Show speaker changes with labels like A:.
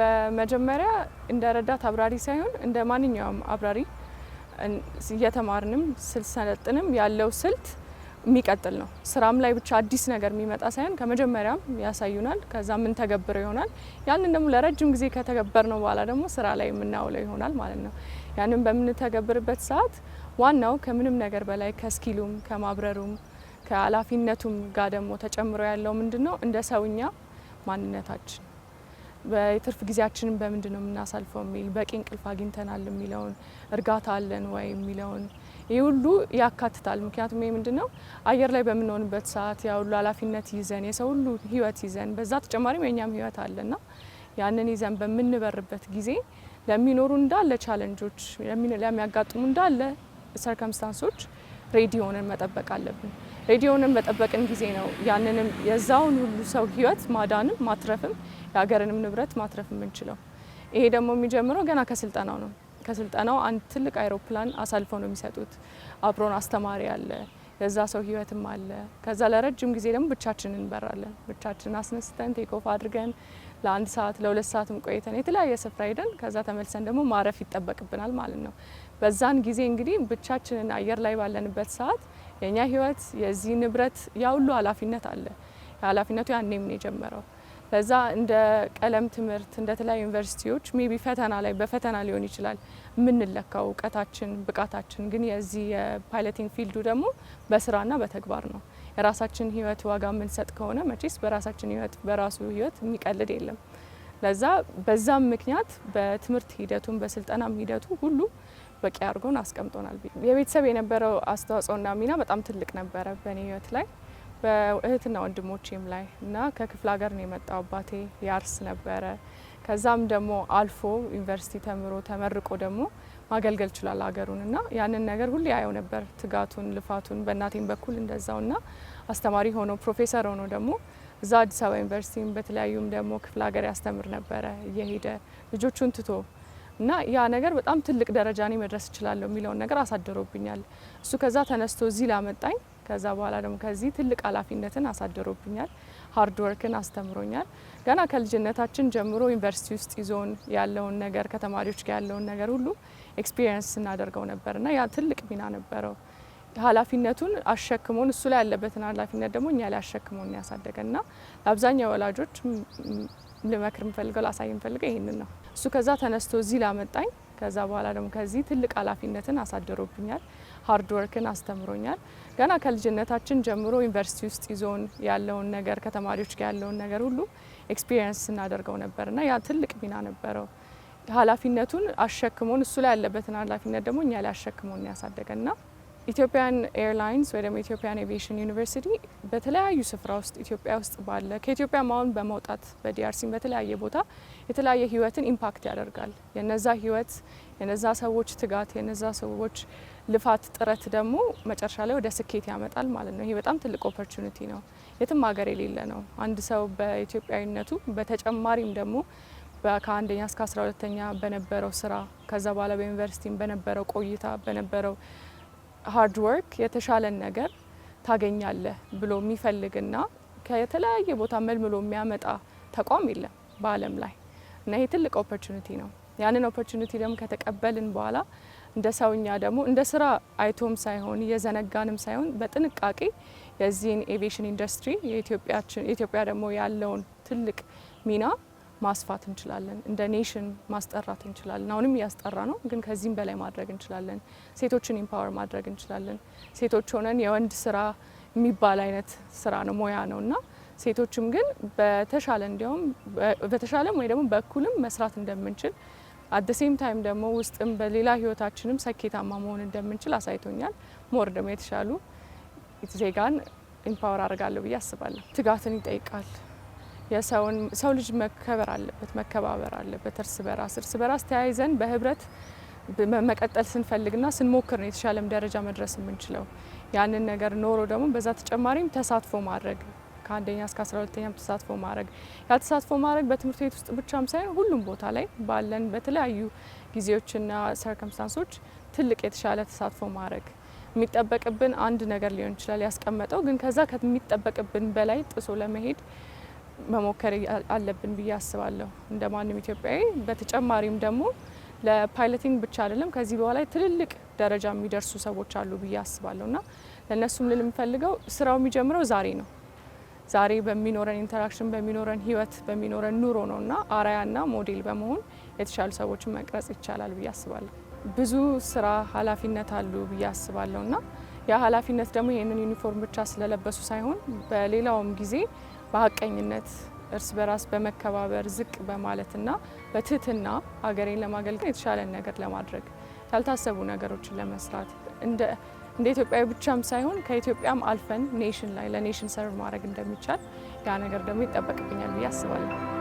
A: በመጀመሪያ እንደ ረዳት አብራሪ ሳይሆን እንደ ማንኛውም አብራሪ እየተማርንም ስልሰለጥንም ያለው ስልት የሚቀጥል ነው። ስራም ላይ ብቻ አዲስ ነገር የሚመጣ ሳይሆን ከመጀመሪያም ያሳዩናል፣ ከዛ የምንተገብረው ይሆናል። ያንን ደግሞ ለረጅም ጊዜ ከተገበር ነው በኋላ ደግሞ ስራ ላይ የምናውለው ይሆናል ማለት ነው። ያንን በምንተገብርበት ሰዓት ዋናው ከምንም ነገር በላይ ከስኪሉም ከማብረሩም ከኃላፊነቱም ጋር ደግሞ ተጨምሮ ያለው ምንድን ነው እንደ ሰውኛ ማንነታችን የትርፍ ጊዜያችንን በምንድን ነው የምናሳልፈው የሚል በቂ እንቅልፍ አግኝተናል የሚለውን እርጋታ አለን ወይ የሚለውን ይህ ሁሉ ያካትታል። ምክንያቱም ይህ ምንድን ነው አየር ላይ በምንሆንበት ሰዓት ያ ሁሉ ኃላፊነት ይዘን የሰው ሁሉ ህይወት ይዘን በዛ ተጨማሪም የእኛም ህይወት አለና ያንን ይዘን በምንበርበት ጊዜ ለሚኖሩ እንዳለ ቻለንጆች ለሚያጋጥሙ እንዳለ ሰርከምስታንሶች ሬዲ ሆነን መጠበቅ አለብን። ሬዲዮንም በጠበቅን ጊዜ ነው ያንንም የዛውን ሁሉ ሰው ህይወት ማዳንም ማትረፍም የሀገርንም ንብረት ማትረፍ የምንችለው። ይሄ ደግሞ የሚጀምረው ገና ከስልጠናው ነው። ከስልጠናው አንድ ትልቅ አይሮፕላን አሳልፈው ነው የሚሰጡት። አብሮን አስተማሪ አለ፣ የዛ ሰው ህይወትም አለ። ከዛ ለረጅም ጊዜ ደግሞ ብቻችን እንበራለን። ብቻችን አስነስተን ቴክ ኦፍ አድርገን ለአንድ ሰዓት ለሁለት ሰዓትም ቆይተን የተለያየ ስፍራ ሄደን ከዛ ተመልሰን ደግሞ ማረፍ ይጠበቅብናል ማለት ነው። በዛን ጊዜ እንግዲህ ብቻችንን አየር ላይ ባለንበት ሰዓት የእኛ ህይወት የዚህ ንብረት ያ ሁሉ ኃላፊነት አለ። ኃላፊነቱ ያኔም ነው የጀመረው። ከዛ እንደ ቀለም ትምህርት እንደ ተለያዩ ዩኒቨርሲቲዎች ሜቢ ፈተና ላይ በፈተና ሊሆን ይችላል የምንለካው እውቀታችን፣ ብቃታችን ግን የዚህ የፓይለቲንግ ፊልዱ ደግሞ በስራና በተግባር ነው። የራሳችን ህይወት ዋጋ የምንሰጥ ከሆነ መቼስ በራሳችን ህይወት በራሱ ህይወት የሚቀልድ የለም። ለዛ በዛም ምክንያት በትምህርት ሂደቱን በስልጠናም ሂደቱ ሁሉ በቂ አድርጎን አስቀምጦናል። የቤተሰብ የነበረው አስተዋጽኦና ሚና በጣም ትልቅ ነበረ በእኔ ህይወት ላይ በእህትና ወንድሞቼም ላይ እና ከክፍለ ሀገር ነው የመጣው አባቴ ያርስ ነበረ። ከዛም ደግሞ አልፎ ዩኒቨርሲቲ ተምሮ ተመርቆ ደግሞ ማገልገል ችሏል ሀገሩን እና ያንን ነገር ሁሌ ያየው ነበር ትጋቱን፣ ልፋቱን በእናቴም በኩል እንደዛው እና አስተማሪ ሆኖ ፕሮፌሰር ሆኖ ደግሞ እዛ አዲስ አበባ ዩኒቨርሲቲም በተለያዩም ደግሞ ክፍለ ሀገር ያስተምር ነበረ እየሄደ ልጆቹን ትቶ እና ያ ነገር በጣም ትልቅ ደረጃ እኔ መድረስ እችላለሁ የሚለውን ነገር አሳድሮብኛል። እሱ ከዛ ተነስቶ እዚህ ላመጣኝ ከዛ በኋላ ደግሞ ከዚህ ትልቅ ኃላፊነትን አሳድሮብኛል። ሀርድ ወርክን አስተምሮኛል። ገና ከልጅነታችን ጀምሮ ዩኒቨርሲቲ ውስጥ ይዞን ያለውን ነገር ከተማሪዎች ጋር ያለውን ነገር ሁሉ ኤክስፒሪየንስ ስናደርገው እና ያ ትልቅ ሚና ነበረው። ኃላፊነቱን አሸክሞን እሱ ላይ ያለበትን ኃላፊነት ደግሞ እኛ ላይ አሸክሞን እና ለአብዛኛው ወላጆች ልመክር ምፈልገው ላሳይ የምፈልገው ይህንን ነው። እሱ ከዛ ተነስቶ እዚህ ላመጣኝ ከዛ በኋላ ደግሞ ከዚህ ትልቅ ኃላፊነትን አሳድሮብኛል። ሀርድ ወርክን አስተምሮኛል። ገና ከልጅነታችን ጀምሮ ዩኒቨርሲቲ ውስጥ ይዞን ያለውን ነገር ከተማሪዎች ጋር ያለውን ነገር ሁሉ ኤክስፒሪየንስ ስናደርገው ነበርና ያ ትልቅ ሚና ነበረው። ኃላፊነቱን አሸክሞን እሱ ላይ ያለበትን ኃላፊነት ደግሞ እኛ ላይ አሸክሞን ያሳደገና ኢትዮጵያን ኤርላይንስ ወይ ደግሞ ኢትዮጵያን ኤቪዬሽን ዩኒቨርሲቲ በተለያዩ ስፍራ ውስጥ ኢትዮጵያ ውስጥ ባለ ከኢትዮጵያ ማሁን በመውጣት በዲአርሲም በተለያየ ቦታ የተለያየ ህይወትን ኢምፓክት ያደርጋል። የነዛ ህይወት የነዛ ሰዎች ትጋት የነዛ ሰዎች ልፋት ጥረት ደግሞ መጨረሻ ላይ ወደ ስኬት ያመጣል ማለት ነው። ይሄ በጣም ትልቅ ኦፖርቹኒቲ ነው፣ የትም ሀገር የሌለ ነው። አንድ ሰው በኢትዮጵያዊነቱ በተጨማሪም ደግሞ ከአንደኛ እስከ አስራ ሁለተኛ በነበረው ስራ ከዛ በኋላ በዩኒቨርሲቲም በነበረው ቆይታ በነበረው ሃርድ ወርክ የተሻለን ነገር ታገኛለህ ብሎ የሚፈልግና ከየተለያየ ቦታ መልምሎ የሚያመጣ ተቋም የለም በዓለም ላይ እና ይሄ ትልቅ ኦፖርቹኒቲ ነው። ያንን ኦፖርቹኒቲ ደግሞ ከተቀበልን በኋላ እንደ ሰውኛ ደግሞ እንደ ስራ አይቶም ሳይሆን እየዘነጋንም ሳይሆን በጥንቃቄ የዚህን ኤቪዬሽን ኢንዱስትሪ የኢትዮጵያ ደግሞ ያለውን ትልቅ ሚና ማስፋት እንችላለን። እንደ ኔሽን ማስጠራት እንችላለን። አሁንም እያስጠራ ነው፣ ግን ከዚህም በላይ ማድረግ እንችላለን። ሴቶችን ኢምፓወር ማድረግ እንችላለን። ሴቶች ሆነን የወንድ ስራ የሚባል አይነት ስራ ነው ሙያ ነው እና ሴቶችም ግን በተሻለ እንዲያውም በተሻለም ወይ ደግሞ በኩልም መስራት እንደምንችል አደ ሴም ታይም ደግሞ ውስጥም በሌላ ህይወታችንም ስኬታማ መሆን እንደምንችል አሳይቶኛል። ሞር ደግሞ የተሻሉ ዜጋን ኢምፓወር አድርጋለሁ ብዬ አስባለሁ። ትጋትን ይጠይቃል። የሰውን ሰው ልጅ መከበር አለበት፣ መከባበር አለበት። እርስ በራስ እርስ በራስ ተያይዘን በህብረት መቀጠል ስንፈልግና ስንሞክር ነው የተሻለም ደረጃ መድረስ የምንችለው። ያንን ነገር ኖሮ ደግሞ በዛ ተጨማሪም ተሳትፎ ማድረግ ከአንደኛ እስከ አስራ ሁለተኛም ተሳትፎ ማድረግ ያ ተሳትፎ ማድረግ በትምህርት ቤት ውስጥ ብቻም ሳይሆን ሁሉም ቦታ ላይ ባለን በተለያዩ ጊዜዎችና ሰርከምስታንሶች ትልቅ የተሻለ ተሳትፎ ማድረግ የሚጠበቅብን አንድ ነገር ሊሆን ይችላል ያስቀመጠው፣ ግን ከዛ ከሚጠበቅብን በላይ ጥሶ ለመሄድ መሞከር አለብን ብዬ አስባለሁ እንደ ማንም ኢትዮጵያዊ። በተጨማሪም ደግሞ ለፓይለቲንግ ብቻ አይደለም ከዚህ በኋላ ትልልቅ ደረጃ የሚደርሱ ሰዎች አሉ ብዬ አስባለሁ እና ለእነሱም ልል የምፈልገው ስራው የሚጀምረው ዛሬ ነው። ዛሬ በሚኖረን ኢንተራክሽን፣ በሚኖረን ህይወት፣ በሚኖረን ኑሮ ነው እና አርአያና ሞዴል በመሆን የተሻሉ ሰዎችን መቅረጽ ይቻላል ብዬ አስባለሁ። ብዙ ስራ ኃላፊነት አሉ ብዬ አስባለሁ እና ያ ኃላፊነት ደግሞ ይህንን ዩኒፎርም ብቻ ስለለበሱ ሳይሆን በሌላውም ጊዜ በሀቀኝነት እርስ በራስ በመከባበር ዝቅ በማለትና በትህትና ሀገሬን ለማገልገል የተሻለን ነገር ለማድረግ ያልታሰቡ ነገሮችን ለመስራት እንደ እንደ ኢትዮጵያዊ ብቻም ሳይሆን ከኢትዮጵያም አልፈን ኔሽን ላይ ለኔሽን ሰርቭ ማድረግ እንደሚቻል ያ ነገር ደግሞ ይጠበቅብኛል ብዬ አስባለሁ።